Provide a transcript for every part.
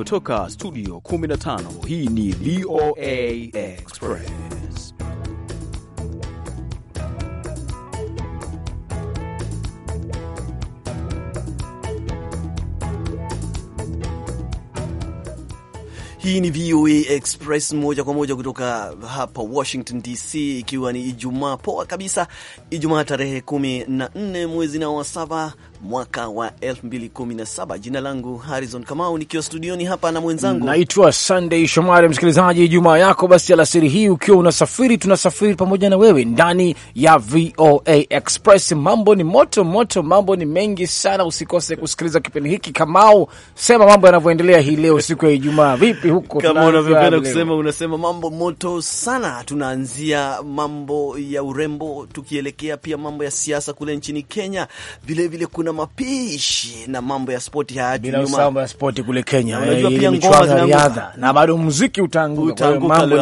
kutoka studio 15 hii ni VOA Express. Hii ni VOA Express moja kwa moja kutoka hapa Washington DC, ikiwa ni Ijumaa poa kabisa, Ijumaa tarehe 14 mwezi na wa saba mwaka wa 2017. Jina langu Harrison Kamau, nikiwa studioni hapa na mwenzangu naitwa Sunday Shomari. Msikilizaji, Ijumaa yako basi alasiri hii ukiwa unasafiri, tunasafiri pamoja na wewe ndani ya VOA Express. Mambo ni moto moto, mambo ni mengi sana, usikose kusikiliza kipindi hiki. Kamau, sema mambo yanavyoendelea hii leo siku ya Ijumaa, vipi huko? Kama unavyopenda kusema, unasema mambo moto sana. Tunaanzia mambo ya urembo, tukielekea pia mambo ya siasa kule nchini Kenya, vilevile kuna kuna mapishi na mambo ya spoti hayati ya spoti kule Kenya. Unajua eh, pia ngoma na bado muziki utaanguka,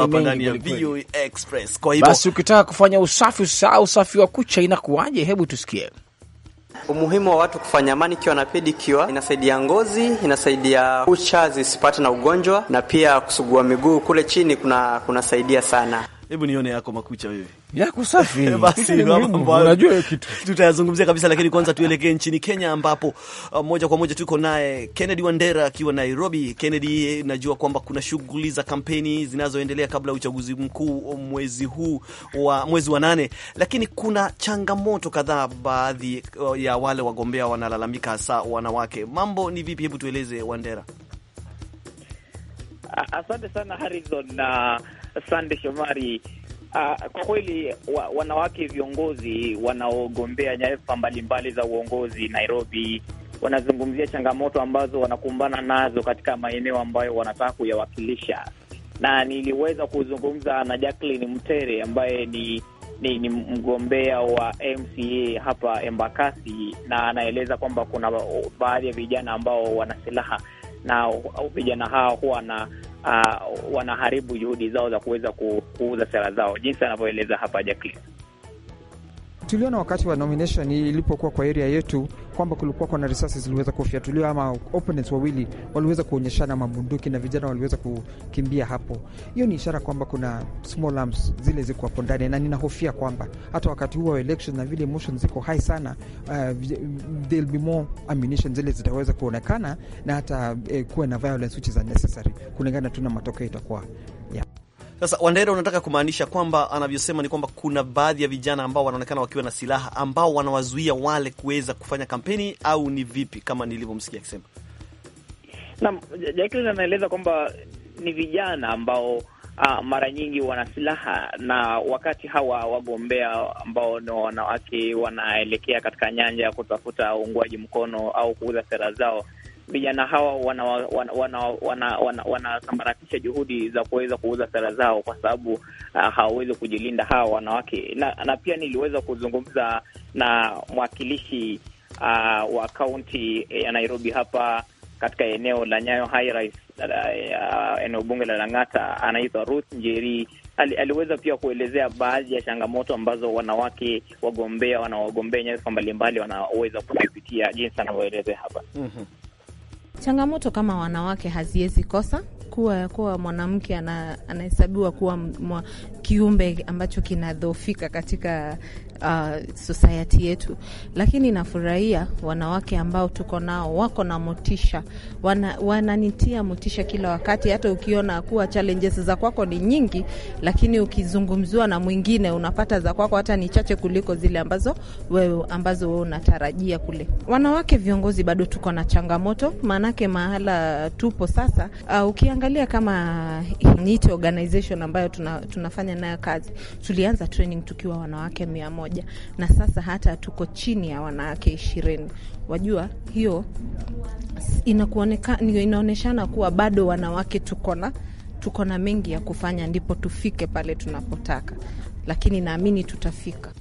ndani ya VOA Express. Kwa hivyo basi, ukitaka kufanya usafi, usahau usafi wa kucha, inakuwaje? Hebu tusikie. Umuhimu wa watu kufanya manicure na pedicure, inasaidia ngozi, inasaidia kucha zisipate na ugonjwa, na pia kusugua miguu kule chini kuna kunasaidia sana. Hebu nione yako makucha wewe. Yako safi. Eh, basi unajua kitu. Tutayazungumzia kabisa lakini kwanza tuelekee nchini Kenya ambapo uh, moja kwa moja tuko naye Kennedy Wandera akiwa Nairobi. Kennedy, eh, najua kwamba kuna shughuli za kampeni zinazoendelea kabla uchaguzi mkuu mwezi huu wa mwezi wa nane, lakini kuna changamoto kadhaa, baadhi uh, ya wale wagombea wanalalamika, hasa wanawake. Mambo ni vipi? Hebu tueleze Wandera. Asante sana Harrison na uh... Sande Shomari. Uh, kwa kweli wa, wanawake viongozi wanaogombea nyadhifa mbalimbali za uongozi Nairobi wanazungumzia changamoto ambazo wanakumbana nazo katika maeneo ambayo wanataka kuyawakilisha, na niliweza kuzungumza na Jacqueline Mtere ambaye ni ni, ni mgombea wa MCA hapa Embakasi, na anaeleza kwamba kuna baadhi ya vijana ambao wana silaha na vijana hao huwa na uh, wanaharibu juhudi zao za kuweza kuuza sera zao, jinsi anavyoeleza hapa Jacqueline. Tuliona wakati wa nomination ilipokuwa kwa area yetu kwamba kulikuwa kuna risasi ziliweza kufyatuliwa ama opponents wawili waliweza kuonyeshana mabunduki na vijana waliweza kukimbia hapo. Hiyo ni ishara kwamba kuna small arms zile ziko hapo ndani, na ninahofia kwamba hata wakati huu wa election na vile emotions ziko high sana, uh, there will be more ammunition zile zitaweza kuonekana na hata eh, kuwe na violence which is unnecessary kulingana tu na matokeo itakuwa yeah. Sasa Wandera, unataka kumaanisha kwamba anavyosema ni kwamba kuna baadhi ya vijana ambao wanaonekana wakiwa na silaha ambao wanawazuia wale kuweza kufanya kampeni au ni vipi, kama nilivyomsikia akisema? Naam, Jacqueline anaeleza kwamba ni vijana ambao Ah, mara nyingi wana silaha na wakati hawa wagombea ambao ni wanawake wanaelekea katika nyanja ya kutafuta uungwaji mkono au kuuza sera zao, vijana hawa wanasambaratisha wana, wana, wana, wana, wana, wana juhudi za kuweza kuuza sera zao, kwa sababu uh, hawawezi kujilinda hawa wanawake na, na pia niliweza kuzungumza na mwakilishi uh, wa kaunti ya Nairobi hapa katika eneo la Nyayo Rise uh, eneo bunge la Lang'ata, anaitwa Ruth Njeri. Ali, aliweza pia kuelezea baadhi ya changamoto ambazo wanawake wagombea wanaogombea nyadhifa mbalimbali wanaweza kuzipitia jinsi anavyoelezea hapa. mm -hmm. Changamoto kama wanawake haziwezi kosa kuwa kuwa mwanamke anahesabiwa kuwa kiumbe ambacho kinadhofika katika uh, society yetu, lakini nafurahia wanawake ambao tuko nao wako na motisha, wananitia wana motisha kila wakati. Hata ukiona kuwa challenges za kwako ni nyingi, lakini ukizungumziwa na mwingine unapata za kwako hata ni chache kuliko zile ambazo wewe ambazo wewe unatarajia kule. Wanawake viongozi bado tuko na changamoto, maanake mahala tupo sasa, uh, ukiangalia kama NITI organization ambayo tuna, tunafanya nayo kazi. Tulianza training tukiwa wanawake mia moja na sasa hata tuko chini ya wanawake ishirini. Wajua hiyo inaonyeshana kuwa bado wanawake tuko na tuko na mengi ya kufanya, ndipo tufike pale tunapotaka, lakini naamini tutafika.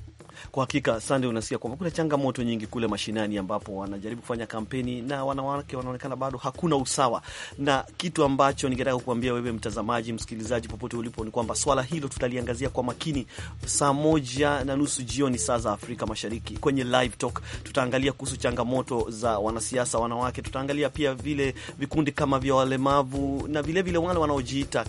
Kwa hakika Sande, unasikia kwamba kuna changamoto nyingi kule mashinani ambapo wanajaribu kufanya kampeni na wanawake wanaonekana bado hakuna usawa, na kitu ambacho ningetaka kukuambia wewe mtazamaji, msikilizaji, popote ulipo ni kwamba swala hilo tutaliangazia kwa makini saa moja na nusu jioni saa za Afrika Mashariki kwenye live talk. Tutaangalia kuhusu changamoto za wanasiasa wanawake, tutaangalia pia vile vikundi kama vya walemavu na vilevile vile wale wanaojiita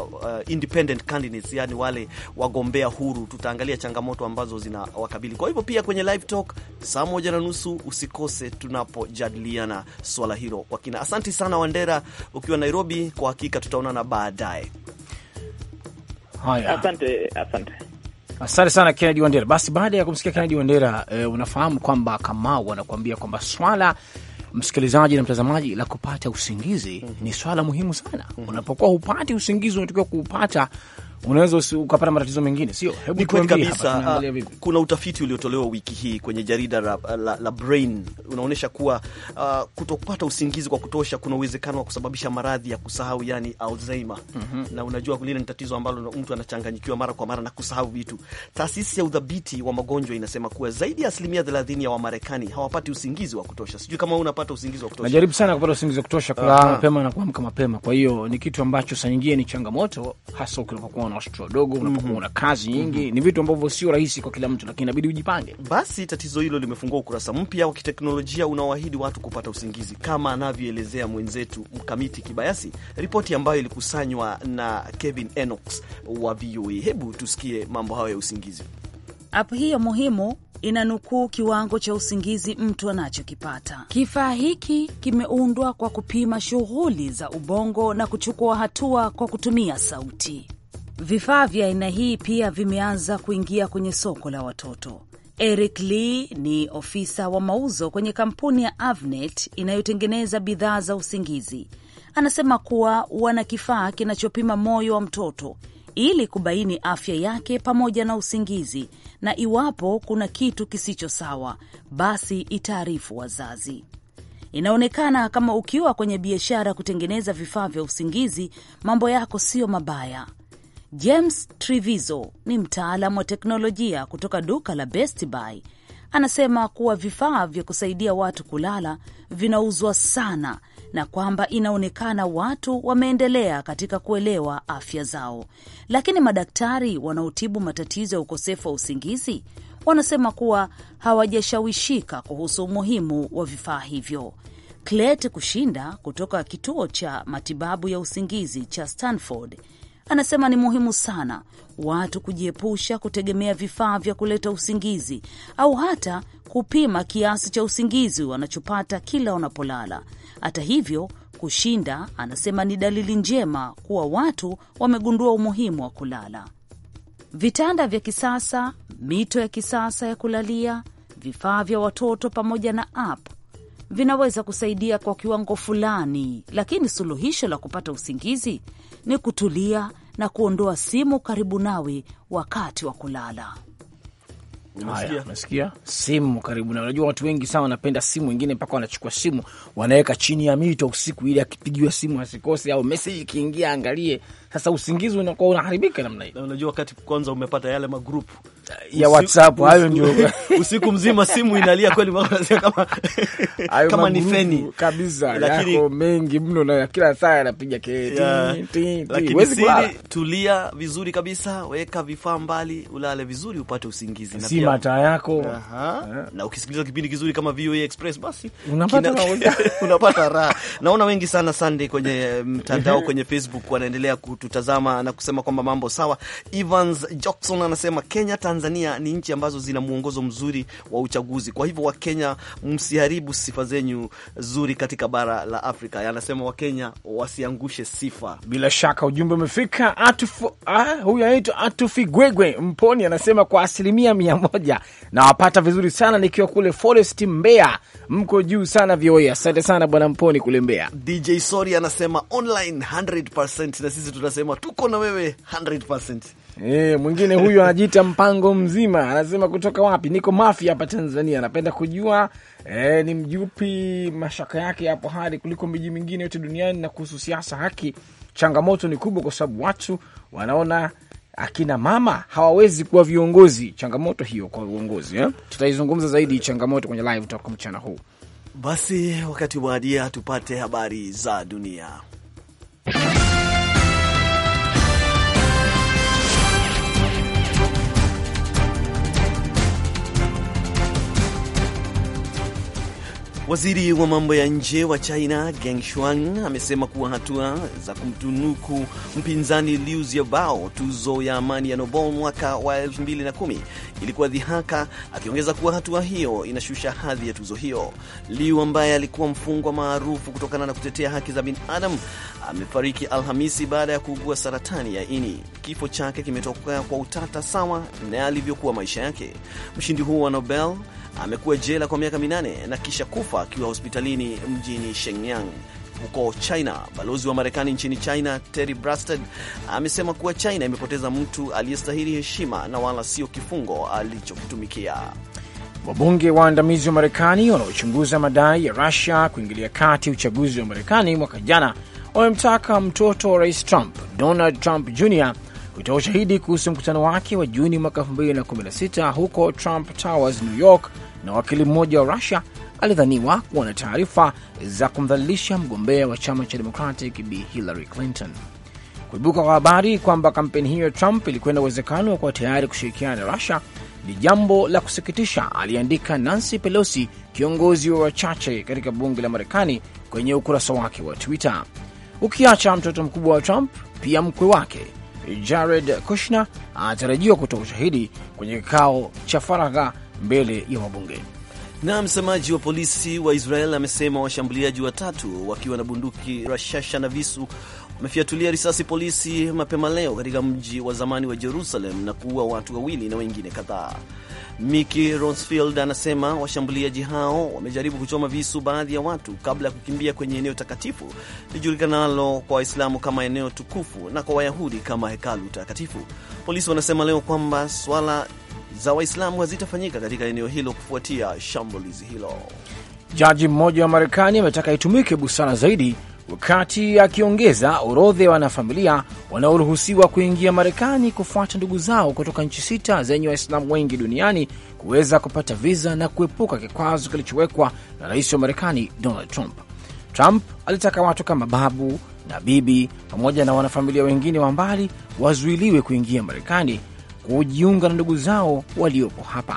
uh, uh, independent candidates, yani wale wagombea huru. Tutaangalia changamoto ambazo zina tunawakabili. Kwa hivyo pia kwenye live talk saa moja na nusu usikose tunapojadiliana swala hilo kwa kina. Asanti sana Wandera, ukiwa Nairobi, kwa hakika tutaonana baadaye. Haya, asante, asante. Asante sana Kennedy Wandera. Basi baada ya kumsikia Kennedy Wandera, eh, unafahamu kwamba Kamau anakuambia kwamba swala msikilizaji na mtazamaji la kupata usingizi mm -hmm. ni swala muhimu sana mm -hmm. Unapokuwa hupati usingizi unatakiwa kuupata unaweza ukapata matatizo mengine, sio? Hebu kweli kabisa. Ah, kuna utafiti uliotolewa wiki hii kwenye jarida la, la, la Brain unaonyesha kuwa uh, kutopata usingizi kwa kutosha kuna uwezekano wa kusababisha maradhi ya kusahau, yani Alzheimer. mm -hmm. Na unajua lile ni tatizo ambalo mtu anachanganyikiwa mara kwa mara na kusahau vitu. Taasisi ya udhabiti wa magonjwa inasema kuwa zaidi ya asilimia 30 ya Wamarekani hawapati usingizi wa kutosha. Sijui kama wewe unapata usingizi wa kutosha. Najaribu sana kupata usingizi wa kutosha, kulala ah. mapema na kuamka mapema, kwa hiyo ni kitu ambacho saa nyingine ni changamoto hasa ukiwa una watoto wadogo, unapokuwa mhm. una kazi nyingi mm -hmm. Ni vitu ambavyo sio rahisi kwa kila mtu, lakini inabidi ujipange. Basi tatizo hilo limefungua ukurasa mpya wa kiteknolojia unaoahidi watu kupata usingizi, kama anavyoelezea mwenzetu Mkamiti Kibayasi, ripoti ambayo ilikusanywa na Kevin Enox wa VOA. Hebu tusikie mambo hayo ya usingizi. App hiyo muhimu inanukuu kiwango cha usingizi mtu anachokipata. Kifaa hiki kimeundwa kwa kupima shughuli za ubongo na kuchukua hatua kwa kutumia sauti. Vifaa vya aina hii pia vimeanza kuingia kwenye soko la watoto. Eric Lee ni ofisa wa mauzo kwenye kampuni ya Avnet inayotengeneza bidhaa za usingizi. Anasema kuwa wana kifaa kinachopima moyo wa mtoto ili kubaini afya yake pamoja na usingizi, na iwapo kuna kitu kisicho sawa, basi itaarifu wazazi. Inaonekana kama ukiwa kwenye biashara kutengeneza vifaa vya usingizi, mambo yako siyo mabaya, James Trivizo ni mtaalam wa teknolojia kutoka duka la Best Buy. Anasema kuwa vifaa vya kusaidia watu kulala vinauzwa sana na kwamba inaonekana watu wameendelea katika kuelewa afya zao, lakini madaktari wanaotibu matatizo ya ukosefu wa usingizi wanasema kuwa hawajashawishika kuhusu umuhimu wa vifaa hivyo. Clet Kushinda kutoka kituo cha matibabu ya usingizi cha Stanford Anasema ni muhimu sana watu kujiepusha kutegemea vifaa vya kuleta usingizi au hata kupima kiasi cha usingizi wanachopata kila wanapolala. Hata hivyo, kushinda, anasema ni dalili njema kuwa watu wamegundua umuhimu wa kulala. Vitanda vya kisasa, mito ya kisasa ya kulalia, vifaa vya watoto pamoja na app vinaweza kusaidia kwa kiwango fulani, lakini suluhisho la kupata usingizi ni kutulia na kuondoa simu karibu nawe wakati wa kulala. Nasikia simu karibu na, unajua watu wengi sana wanapenda simu, wengine mpaka wanachukua simu wanaweka chini ya mito usiku, ili akipigiwa simu asikose, au meseji ikiingia angalie. Sasa usingizi unakuwa unaharibika namna hii. Unajua, wakati kwanza umepata yale magrupu ya WhatsApp, hayo ndio usiku mzima simu inalia kweli, kama kama ni feni kabisa, lakini yako mengi mno na kila saa yanapiga kelele. Lakini si tulia vizuri kabisa, weka vifaa mbali, ulale vizuri, upate usingizi na pia mataa yako. Aha, eh. na ukisikiliza kipindi kizuri kama VOA Express, basi unapata unapata raha. Naona wengi sana Sunday kwenye eh, mtandao kwenye Facebook wanaendelea ku kututazama na kusema kwamba mambo sawa. Evans Jackson anasema Kenya, Tanzania ni nchi ambazo zina mwongozo mzuri wa uchaguzi, kwa hivyo Wakenya msiharibu sifa zenyu zuri katika bara la Afrika. Anasema Wakenya wasiangushe sifa. Bila shaka ujumbe umefika. ah, huyu anaitwa Atufigwegwe Mponi anasema kwa asilimia mia moja nawapata vizuri sana nikiwa kule Forest Mbeya mko juu sana VOA. Asante sana bwana Mponi kulembea. DJ Sori anasema online 100%, na sisi tunasema tuko na wewe 100%. E, eh, mwingine huyu anajiita mpango mzima, anasema kutoka wapi? Niko Mafia hapa Tanzania, anapenda kujua e, ni mjupi mashaka yake yapo hali kuliko miji mingine yote duniani. Na kuhusu siasa, haki changamoto ni kubwa, kwa sababu watu wanaona akina mama hawawezi kuwa viongozi. Changamoto hiyo kwa uongozi eh? Tutaizungumza zaidi changamoto kwenye live talk mchana huu. Basi wakati waadia, tupate habari za dunia. Waziri wa mambo ya nje wa China Geng Shuang amesema kuwa hatua za kumtunuku mpinzani Liu Xiaobo tuzo ya amani ya Nobel mwaka wa 2010 ilikuwa dhihaka, akiongeza kuwa hatua hiyo inashusha hadhi ya tuzo hiyo. Liu ambaye alikuwa mfungwa maarufu kutokana na kutetea haki za binadamu amefariki Alhamisi baada ya kuugua saratani ya ini. Kifo chake kimetokea kwa utata sawa na alivyokuwa maisha yake. Mshindi huo wa Nobel amekuwa jela kwa miaka minane na kisha kufa akiwa hospitalini mjini Shenyang huko China. Balozi wa Marekani nchini China Terry brasted amesema kuwa China imepoteza mtu aliyestahili heshima na wala sio kifungo alichokitumikia. Wabunge waandamizi wa Marekani wanaochunguza madai ya Rusia kuingilia kati uchaguzi wa Marekani mwaka jana wamemtaka mtoto wa rais Trump, Donald Trump Jr kutoa ushahidi kuhusu mkutano wake wa Juni mwaka 2016 huko Trump Towers, New York, na wakili mmoja wa Rusia alidhaniwa kuwa na taarifa za kumdhalilisha mgombea wa chama cha Democratic Bi Hillary Clinton. Kuibuka kwa habari kwamba kampeni hiyo ya Trump ilikuwa na uwezekano wa kuwa tayari kushirikiana na Rusia ni jambo la kusikitisha, aliandika Nancy Pelosi, kiongozi wa wachache katika bunge la Marekani, kwenye ukurasa wake wa Twitter, ukiacha mtoto mkubwa wa Trump, pia mkwe wake Jared Kushner anatarajiwa kutoa ushahidi kwenye kikao cha faragha mbele ya wabunge. Na msemaji wa polisi wa Israel amesema washambuliaji watatu wakiwa na bunduki, rashasha na visu wamefyatulia risasi polisi mapema leo katika mji wa zamani wa Jerusalem na kuua watu wawili na wengine kadhaa. Mickey Ronsfield anasema washambuliaji hao wamejaribu kuchoma visu baadhi ya watu kabla ya kukimbia kwenye eneo takatifu lijulikanalo kwa Waislamu kama eneo tukufu na kwa Wayahudi kama hekalu takatifu. Polisi wanasema leo kwamba swala za Waislamu hazitafanyika katika eneo hilo kufuatia shambulizi hilo. Jaji mmoja wa Marekani ametaka itumike busara zaidi wakati akiongeza orodha ya wanafamilia wanaoruhusiwa kuingia Marekani kufuata ndugu zao kutoka nchi sita zenye Waislamu wengi duniani kuweza kupata viza na kuepuka kikwazo kilichowekwa na rais wa Marekani Donald Trump. Trump alitaka watu kama babu na bibi pamoja na wanafamilia wengine wa mbali wazuiliwe kuingia Marekani kujiunga na ndugu zao waliopo hapa.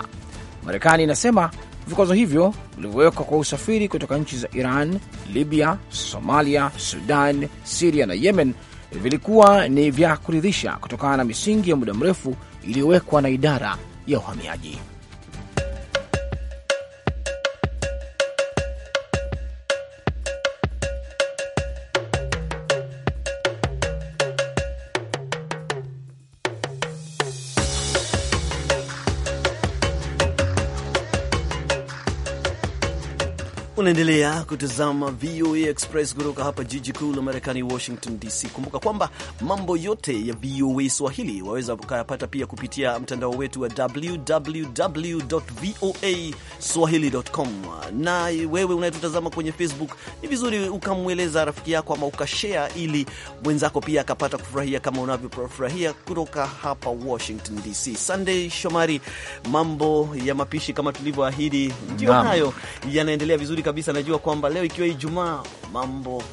Marekani inasema Vikwazo hivyo vilivyowekwa kwa usafiri kutoka nchi za Iran, Libya, Somalia, Sudan, Siria na Yemen vilikuwa ni vya kuridhisha kutokana na misingi ya muda mrefu iliyowekwa na idara ya uhamiaji. Unaendelea kutazama VOA Express kutoka hapa jiji kuu la Marekani, Washington DC. Kumbuka kwamba mambo yote ya VOA Swahili waweza ukayapata pia kupitia mtandao wetu wa www voa swahili.com. Na wewe unayetutazama kwenye Facebook, ni vizuri ukamweleza rafiki yako ama ukashea, ili mwenzako pia akapata kufurahia kama unavyofurahia kutoka hapa Washington DC. sandey Shomari, mambo ya mapishi kama tulivyoahidi, ndio hayo yanaendelea vizuri kabisa najua kwamba leo ikiwa Ijumaa mambo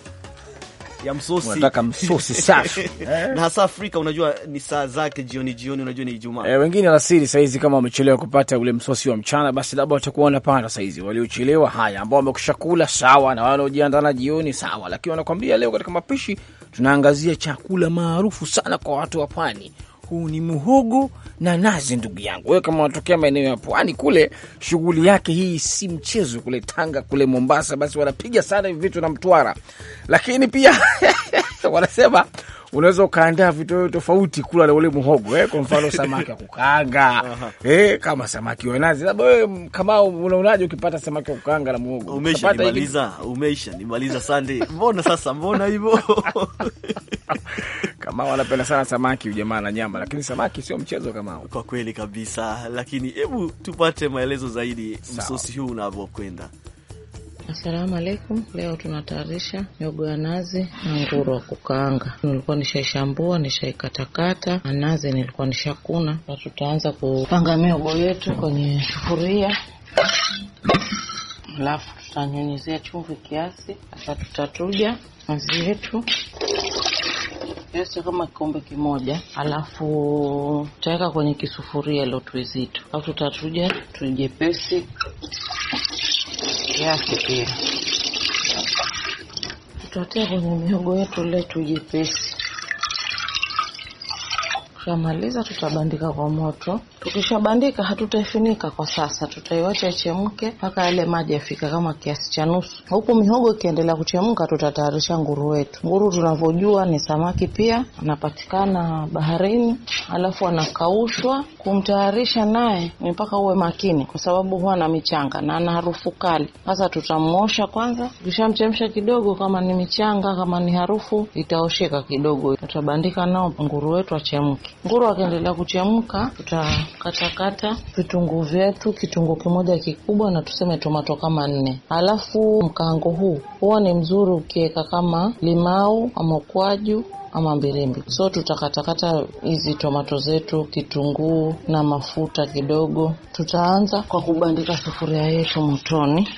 ya msosi. Unataka msosi safi. Eh? Na hasa Afrika unajua ni saa zake jioni jioni, unajua ni Ijumaa. E, wengine alasiri sahizi kama wamechelewa kupata ule msosi wa mchana, basi labda watakuwa wanapata sahizi Waliochelewa haya, ambao wamekusha kula sawa, na wanaojiandaa na jioni sawa, lakini wanakwambia leo katika mapishi tunaangazia chakula maarufu sana kwa watu wa pwani huu ni muhogo na nazi. Ndugu yangu wewe, kama unatokea maeneo ya pwani kule, shughuli yake hii si mchezo. Kule Tanga, kule Mombasa, basi wanapiga sana hivi vitu na Mtwara, lakini pia wanasema unaweza ukaandaa vitu vitoweo tofauti kula na ule muhogo eh. Kwa mfano samaki wa kukaanga eh, kama samaki wa nazi. Labda wewe kama unaonaje ukipata samaki wa kukaanga na muhogo? Umeisha nimaliza, umeisha nimaliza. Sande, mbona sasa, mbona hivyo? kama wanapenda sana samaki ujamaa na nyama, lakini samaki sio mchezo kama hu. kwa kweli kabisa. Lakini hebu tupate maelezo zaidi Sao. msosi huu unavyokwenda. Asalamu alaikum. Leo tunatayarisha miogo ya nazi na nguru wa kukaanga. Nilikuwa nishaishambua nishaikatakata, na nazi nilikuwa nishakuna. Tutaanza kupanga miogo yetu kwenye sufuria, alafu tutanyunyizia chumvi kiasi, hasa tutatuja nazi yetu kiasi kama kikombe kimoja, alafu tutaweka kwenye kisufuria ilo tuizito, alafu tutachuja tujepesi kiasi pia tutatia kwenye mihogo yetu ile tujepesi Tukishamaliza tutabandika kwa moto. Tukishabandika hatutaifunika kwa sasa, tutaiwacha ichemke mpaka yale maji yafika kama kiasi cha nusu. Huku mihogo ikiendelea kuchemka, tutatayarisha nguru wetu. Nguru tunavyojua ni samaki, pia anapatikana baharini, alafu anakaushwa. Kumtayarisha naye ni mpaka uwe makini, kwa sababu huwa na michanga na ana harufu kali. Sasa tutamwosha kwanza, tukishamchemsha kidogo, kama ni michanga, kama ni harufu itaosheka kidogo, tutabandika nao nguru wetu achemke. Nguru akiendelea kuchemka, tutakatakata vitunguu vyetu, kitunguu kimoja kikubwa na tuseme tomato kama nne. Alafu mkango huu huwa ni mzuri ukiweka kama limau ama ukwaju ama mbirimbi So tutakatakata hizi tomato zetu, kitunguu na mafuta kidogo. Tutaanza kwa kubandika sufuria yetu motoni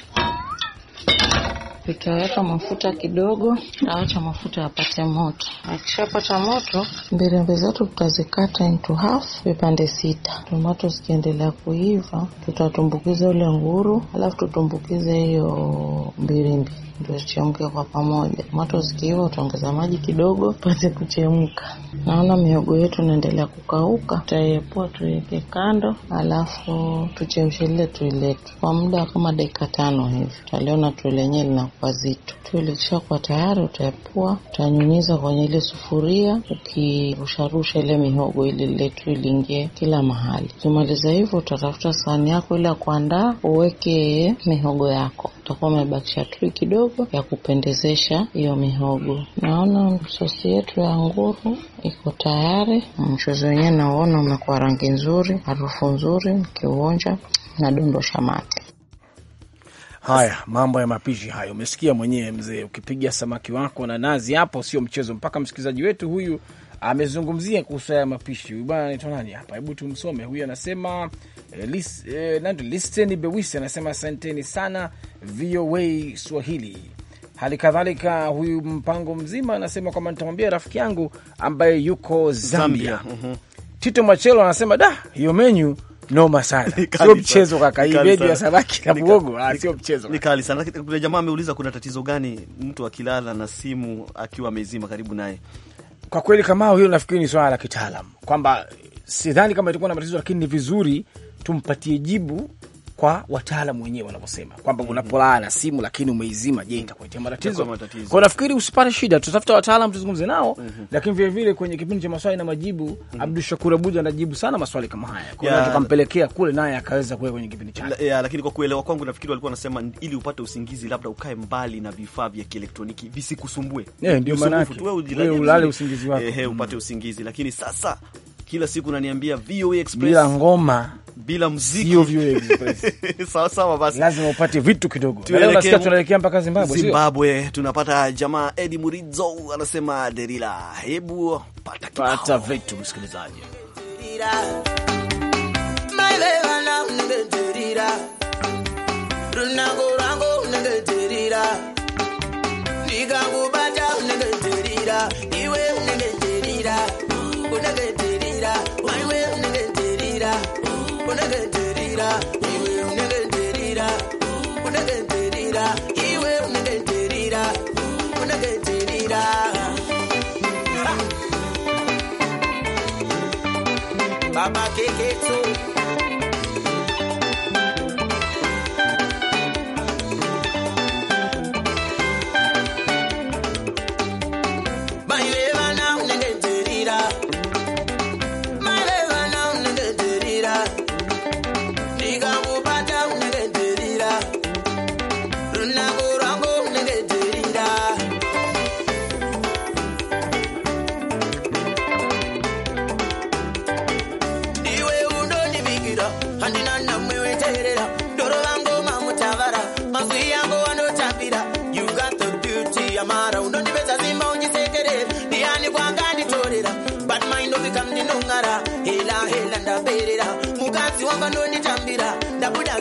nitaweka mafuta kidogo, naacha mafuta yapate moto. Akishapata moto, mbirimbi zetu tutazikata into half, vipande sita. Tomato zikiendelea kuiva, tutatumbukiza ule nguru, alafu tutumbukize hiyo mbirimbi ndio zichemke kwa pamoja. Tomato zikiiva, utaongeza maji kidogo pate kuchemka. Naona mihogo yetu inaendelea kukauka, tutaiepua tuweke kando, alafu tuchemshe ile tui letu kwa muda kama dakika tano hivi, tutaliona tui lenyewe lina wazito. Tui kwa tayari utayapua, utanyunyiza kwenye ile sufuria, ukirusharusha ile mihogo ili lile tui liingie kila mahali. Ukimaliza hivyo, utatafuta sahani yako ile ya kuandaa, uweke mihogo yako. Utakuwa umebakisha tui kidogo ya kupendezesha hiyo mihogo. Naona sosi yetu ya nguru iko tayari. Mchuzi wenyewe nauona umekuwa rangi nzuri, harufu nzuri. Ukiuonja nadondosha mate. Haya mambo ya mapishi hayo, umesikia mwenyewe mzee, ukipiga samaki wako na nazi hapo sio mchezo. Mpaka msikilizaji wetu huyu amezungumzia kuhusu haya mapishi. Huyu bwana anaitwa nani hapa? Hebu tumsome huyu, anasema eh, lis, eh, listeni Bewisi anasema asanteni sana VOA Swahili. Hali kadhalika huyu mpango mzima anasema kwamba nitamwambia rafiki yangu ambaye yuko Zambia, Zambia. Mm -hmm. Tito Machelo anasema da, hiyo menyu noma sana, sio mchezo kaka. Hii bendi ya samaki na muogo ah, sio mchezo, ni kali sana. Kuna jamaa ameuliza kuna tatizo gani mtu akilala na simu akiwa ameizima karibu naye? Kwa kweli, kama hiyo, nafikiri ni swala la kitaalam, kwamba sidhani kama itakuwa na matatizo, lakini ni vizuri tumpatie jibu kwa wataalam wenyewe wanavyosema kwamba mhm. unapolala na simu lakini umeizima, je, itakuletea matatizo? Kwa nafikiri usipate shida, tutafuta wataalam tuzungumze nao mm -hmm. Lakini vile vile kwenye kipindi cha maswali na majibu mm -hmm. Abdul Shakur Abuja anajibu sana maswali kama haya, kwa hiyo tukampelekea kule naye akaweza kuweka kwenye kipindi chake la, lakini kwa kuelewa kwangu nafikiri walikuwa wanasema ili upate usingizi labda ukae mbali na vifaa vya kielektroniki visikusumbue, yeah, ndio maana ulale usingizi wako, ehe, upate mm. usingizi, lakini sasa kila siku naniambia VOA e Express bila ngoma bila muziki sio express. Sawa sawa, basi lazima upate vitu kidogo. tunaelekea mpaka Zimbabwe, Zimbabwe tunapata jamaa edi murizo anasema Derila, hebu pata kibao, pata vitu msikilizaji Baba it 2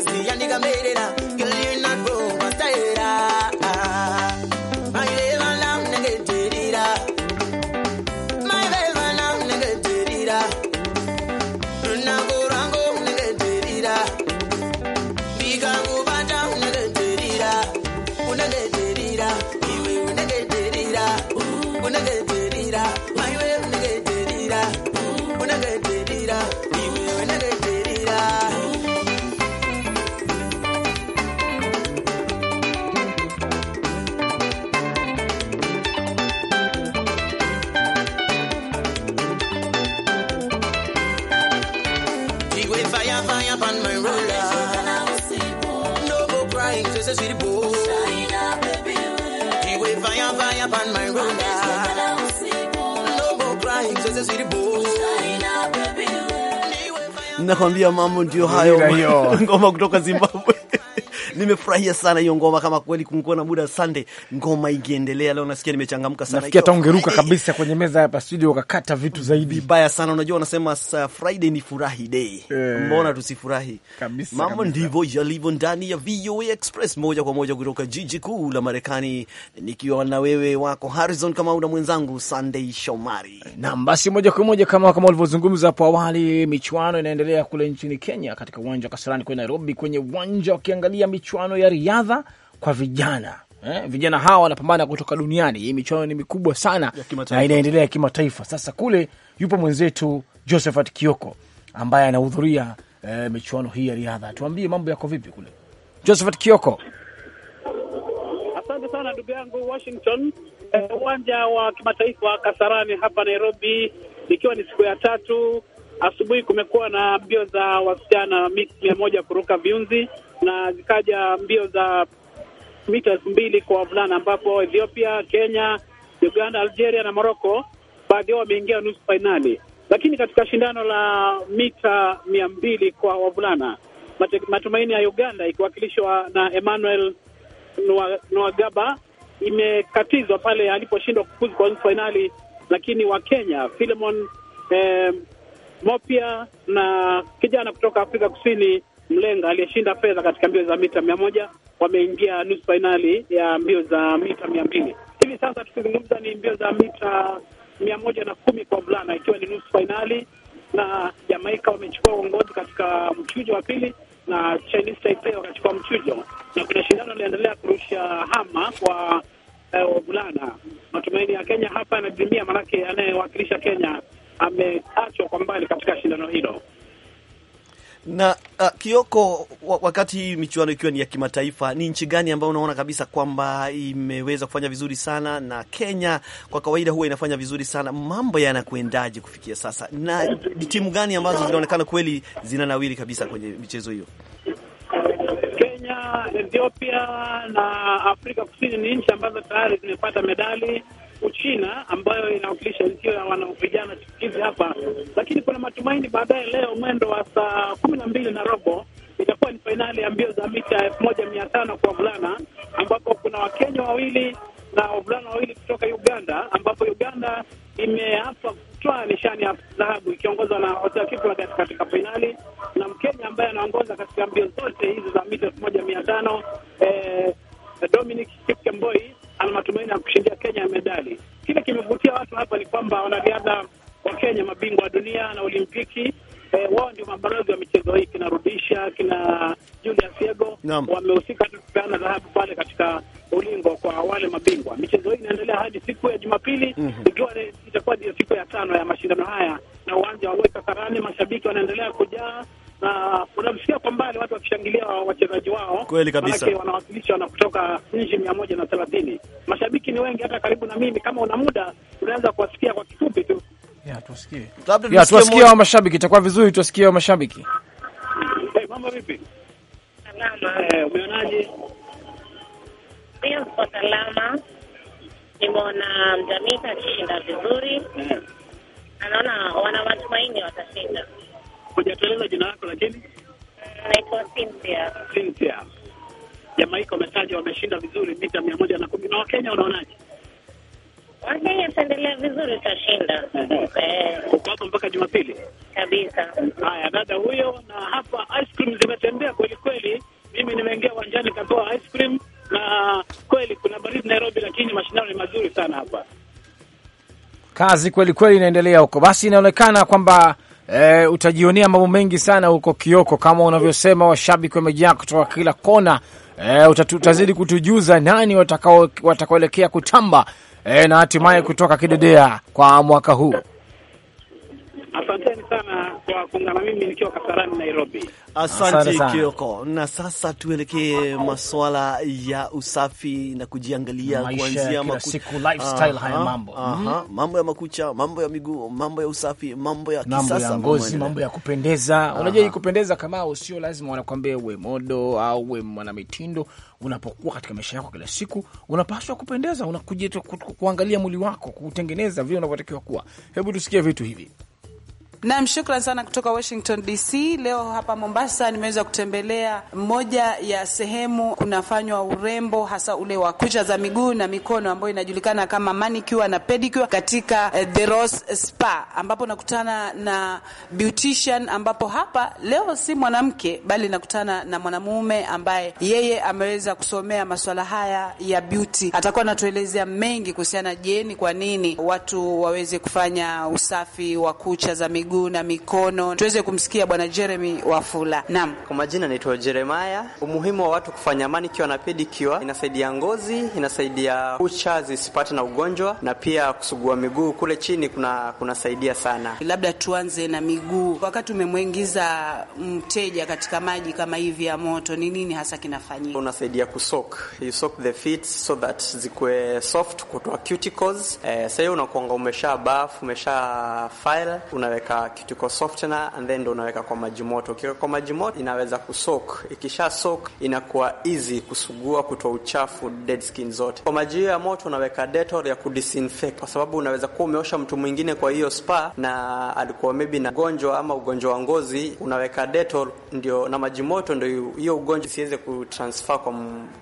See, me a nigga made it up. Girl, you're not broke. Nakwambia mambo ndio hayo, ngoma kutoka Zimbabwe nimefurahia sana hiyo ngoma, kama kweli kungekuwa na muda Sunday, ngoma ingeendelea leo. Nasikia nimechangamka sana, nafikia hata ungeruka kabisa kwenye meza hapa studio ukakata vitu zaidi vibaya sana. Unajua wanasema Friday ni furahi day, eh. mbona tusifurahi? Mambo ndivyo yalivyo ndani ya VOA Express, moja kwa moja kutoka jiji kuu la Marekani, nikiwa na wewe wako Harrison kama una mwenzangu Sunday Shomari. Naam, basi moja kwa moja kama kama ulivyozungumza hapo awali, michuano inaendelea kule nchini Kenya katika uwanja wa Kasarani kwa Nairobi, kwenye uwanja wakiangalia michuano michuano ya riadha kwa vijana eh, vijana hawa wanapambana kutoka duniani. Hii michuano ni mikubwa sana na inaendelea kimataifa. Sasa kule yupo mwenzetu Josephat Kioko ambaye anahudhuria eh, michuano hii ya riadha. Tuambie mambo yako vipi kule, Josephat Kioko? Asante sana ndugu yangu Washington. Eh, uwanja eh, wa kimataifa wa Kasarani hapa Nairobi, ikiwa ni siku ya tatu asubuhi, kumekuwa na mbio za wasichana mita mia moja kuruka viunzi na zikaja mbio za mita elfu mbili kwa wavulana ambapo Ethiopia, Kenya, Uganda, Algeria na Morocco baadhi yao wameingia nusu fainali. Lakini katika shindano la mita mia mbili kwa wavulana matumaini ya Uganda ikiwakilishwa na Emmanuel Nwagaba imekatizwa pale aliposhindwa kufuzu kwa nusu fainali, lakini wa Kenya Philemon eh, Mopia na kijana kutoka Afrika Kusini Mlenga aliyeshinda fedha katika mbio za mita mia moja wameingia nusu fainali ya mbio za mita mia mbili hivi sasa tukizungumza ni mbio za mita mia moja na kumi kwa vulana ikiwa ni nusu fainali na Jamaika wamechukua uongozi katika mchujo wa pili na Chinese Taipei wakachukua mchujo, na kuna shindano linaendelea kurusha hama kwa vulana Eh, matumaini ya Kenya hapa anajimia maanake anayewakilisha Kenya ameachwa kwa mbali katika shindano hilo na uh, Kioko, wakati hii michuano ikiwa ni ya kimataifa, ni nchi gani ambayo unaona kabisa kwamba imeweza kufanya vizuri sana? Na Kenya kwa kawaida huwa inafanya vizuri sana, mambo yanakuendaji kufikia sasa, na timu gani ambazo zinaonekana kweli nawili kabisa kwenye michezo hiyo? Kenya, Ethiopia na Afrika Kusini ni nchi ambazo tayari zimepata medali Uchina ambayo inawakilisha nchi ya wana vijana chipukizi hapa, lakini kuna matumaini baadaye leo mwendo wa saa kumi na mbili na robo itakuwa ni fainali ya mbio za mita elfu moja mia tano kwa vulana ambapo kuna Wakenya wawili na wavulana wawili kutoka Uganda, ambapo Uganda imeapa kutoa nishani ya dhahabu ikiongozwa na Hotel Kiplagat katika fainali, na Mkenya ambaye anaongoza katika mbio zote hizi za mita elfu moja mia tano eh, Dominic medali. Kile kimevutia watu hapa ni kwamba wanariadha wa Kenya, mabingwa wa dunia na Olimpiki, eh, wao ndio mabalozi wa michezo hii, kina Rudisha, kina Julius Yego wamehusika kupeana dhahabu pale katika ulingo kwa wale mabingwa. Michezo hii inaendelea hadi siku ya Jumapili, mm -hmm. ikiwa itakuwa ndio siku ya tano ya mashindano haya, na uwanja wa Karani, mashabiki wanaendelea kujaa na unamsikia kwa mbali watu wakishangilia wachezaji wao, kweli kabisa, wanawakilisha na kutoka nchi mia moja na thelathini lakini wengi hata karibu na mimi, kama una muda unaweza kuwasikia kwa kifupi tu. Ya, tuwasikie. Ya, tuwasikie wa mashabiki, itakuwa vizuri tuwasikie wa mashabiki. Hey, eh, mambo vipi? Salama. Eh, umeonaje? Pia kwa salama. Nimeona Mjamika akishinda vizuri. Hmm. Anaona wana matumaini watashinda. Hujatueleza jina lako lakini? Naitwa Cynthia. Cynthia. Jamaika wametaja wameshinda vizuri mita mia moja na kumi na Wakenya unaonaje? Wakenya vizuri, utashinda uko eh. hapa mpaka Jumapili kabisa. Haya, dada huyo. Na hapa ice cream zimetembea kweli kweli, mimi nimeingia uwanjani kapewa ice cream, na kweli kuna baridi Nairobi, lakini mashindano ni mazuri sana hapa. Kazi kweli kweli inaendelea huko. Basi inaonekana kwamba E, utajionea mambo mengi sana huko Kioko, kama unavyosema, washabiki wamejaa kutoka kila kona e, utazidi kutujuza nani watakaoelekea kutamba e, na hatimaye kutoka kidedea kwa mwaka huu. Asanteni sana kwa kuungana mimi nikiwa Kasarani, Nairobi. Asante asante Kioko. Na sasa tuelekee masuala ya usafi na kujiangalia kuanzia siku lifestyle, haya mambo mm -hmm. mambo ya makucha, mambo ya miguu, mambo ya usafi, mambo ya kisasa, mambo ya ngozi, mambo ya kupendeza. Unajua hii kupendeza, kama usio lazima wanakuambia uwe modo au uwe mwanamitindo. Unapokuwa katika maisha yako kila siku, unapaswa kupendeza, unakuja kuangalia mwili wako, kutengeneza vile unavyotakiwa kuwa. Hebu tusikie vitu hivi. Nam, shukran sana kutoka Washington DC. Leo hapa Mombasa nimeweza kutembelea moja ya sehemu kunafanywa urembo hasa ule wa kucha za miguu na mikono ambayo inajulikana kama manicure na pedicure katika eh, The Rose Spa ambapo nakutana na beautician, ambapo hapa leo si mwanamke bali nakutana na mwanamume ambaye yeye ameweza kusomea masuala haya ya beauty. Atakuwa anatuelezea mengi kuhusiana, je, ni kwa nini watu waweze kufanya usafi wa kucha za miguu miguu na mikono, tuweze kumsikia Bwana Jeremy Wafula. Naam, kwa majina naitwa Jeremaya. Umuhimu wa watu kufanya manicure na pedicure, inasaidia ngozi, inasaidia kucha zisipate na ugonjwa, na pia kusugua miguu kule chini kuna kunasaidia sana. Labda tuanze na miguu. Wakati umemwingiza mteja katika maji kama hivi ya moto, ni nini hasa kinafanyika? Unasaidia kusok, you soak the feet so that zikuwe soft, kutoa cuticles. Eh, sasa unakuanga umesha bafu umesha file, unaweka kitu kwa softener and then ndo unaweka kwa maji moto. Ukiweka kwa maji moto inaweza kusoak, ikisha soak inakuwa easy kusugua, kutoa uchafu, dead skin zote. Kwa maji ya moto unaweka Dettol ya kudisinfect, kwa sababu unaweza kuwa umeosha mtu mwingine kwa hiyo spa na alikuwa maybe na gonjwa ama ugonjwa wa ngozi, unaweka Dettol ndio na maji moto ndio hiyo ugonjwa siweze kutransfer kwa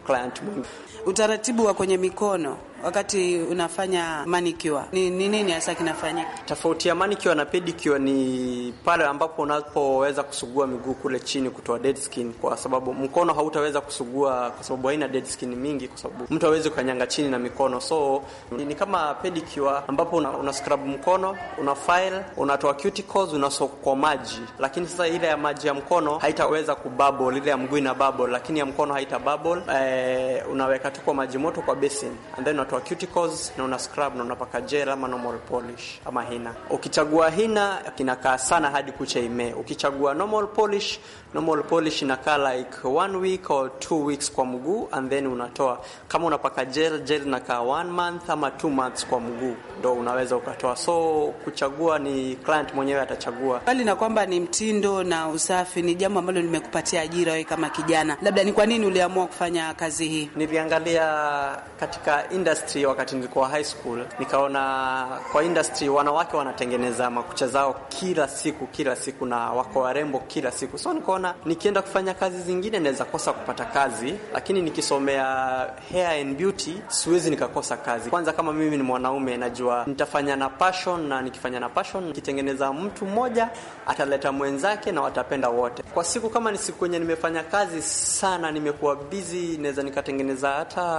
client mwingine. Utaratibu wa kwenye mikono wakati unafanya manicure ni nini hasa kinafanyika? Tofauti ya manicure na pedicure ni pale ambapo unapoweza kusugua miguu kule chini kutoa dead skin, kwa sababu mkono hautaweza kusugua, kwa sababu haina dead skin mingi, kwa sababu mtu hawezi kukanyanga chini na mikono. So ni kama pedicure ambapo una, una scrub mkono, una file, unatoa cuticles, unasokwa maji, lakini sasa ile ya maji ya mkono haitaweza kububble, ile ya mguu ina bubble, lakini ya mkono haita bubble. Eh, unaweka tu kwa maji moto kwa basin and then unatoa cuticles na una scrub na unapaka gel ama normal polish ama hina. Ukichagua hina kinakaa sana hadi kucha imee. Ukichagua normal polish, normal polish inakaa like one week or two weeks kwa mguu and then unatoa. Kama unapaka gel, gel inakaa one month ama two months kwa mguu ndo unaweza ukatoa. So kuchagua ni client mwenyewe atachagua, bali na kwamba ni mtindo na usafi ni jambo ambalo limekupatia ajira wewe kama kijana. Labda ni kwa nini uliamua kufanya kazi hii? Niliangalia katika industry industry wakati nilikuwa high school, nikaona kwa industry wanawake wanatengeneza makucha zao kila siku kila siku, na wako warembo kila siku, so nikaona nikienda kufanya kazi zingine naweza kosa kupata kazi, lakini nikisomea hair and beauty siwezi nikakosa kazi. Kwanza kama mimi ni mwanaume, najua nitafanya na passion, na nikifanya na passion, nikitengeneza mtu mmoja ataleta mwenzake na watapenda wote. Kwa siku kama ni siku yenye nimefanya kazi sana, nimekuwa busy, naweza nikatengeneza hata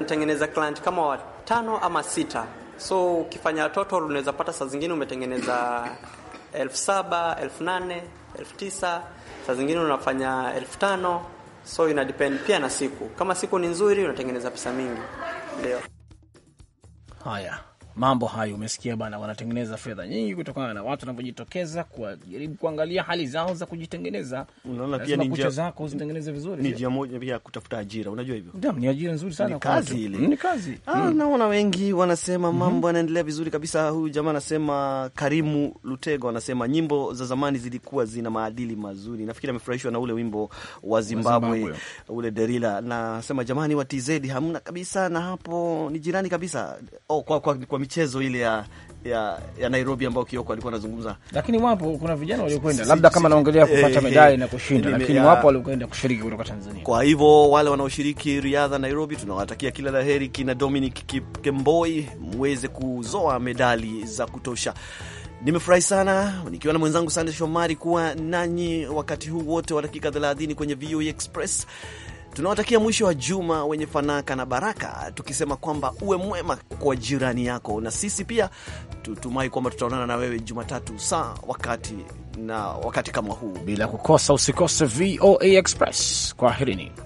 nitengeneza client kama kama watano ama sita, so ukifanya total unaweza pata saa zingine umetengeneza elfu saba elfu nane elfu tisa saa zingine unafanya elfu tano so ina depend pia na siku. Kama siku ni nzuri, unatengeneza pesa mingi. Ndio haya mambo hayo. Umesikia bana, wanatengeneza fedha nyingi kutokana na watu wanavyojitokeza kujaribu kuangalia hali zao za kujitengeneza. Unaona pia ni njia zako zitengeneze vizuri, ni njia moja pia kutafuta ajira. Unajua hivyo ndio ni ajira nzuri sana, ni kazi ile, ni kazi. Ah, mm. naona wengi wanasema mhm. mambo yanaendelea vizuri kabisa. Huyu jamaa anasema, Karimu Lutego anasema nyimbo za zamani zilikuwa zina maadili mazuri. Nafikiri amefurahishwa na ule wimbo wa Zimbabwe, Zimbabwe ule Derila, na sema jamani, watizedi hamna kabisa, na hapo ni jirani kabisa. Oh, kwa, kwa, kwa, kwa michezo ile ya ya, ya Nairobi ambao Kioko alikuwa anazungumza, lakini wapo kuna vijana waliokwenda labda kama naongelea kupata eh, eh, medali na kushinda, eh, lakini wapo waliokwenda kushiriki kutoka Tanzania. Kwa hivyo wale wanaoshiriki riadha Nairobi, tunawatakia kila la heri kina Dominic Kemboi, mweze kuzoa medali za kutosha. Nimefurahi sana nikiwa na mwenzangu Sande Shomari kuwa nanyi wakati huu wote wa dakika 30 kwenye VOA e Express. Tunawatakia mwisho wa juma wenye fanaka na baraka, tukisema kwamba uwe mwema kwa jirani yako, na sisi pia tutumai kwamba tutaonana na wewe Jumatatu saa wakati na wakati kama huu, bila kukosa. Usikose VOA Express. Kwaherini.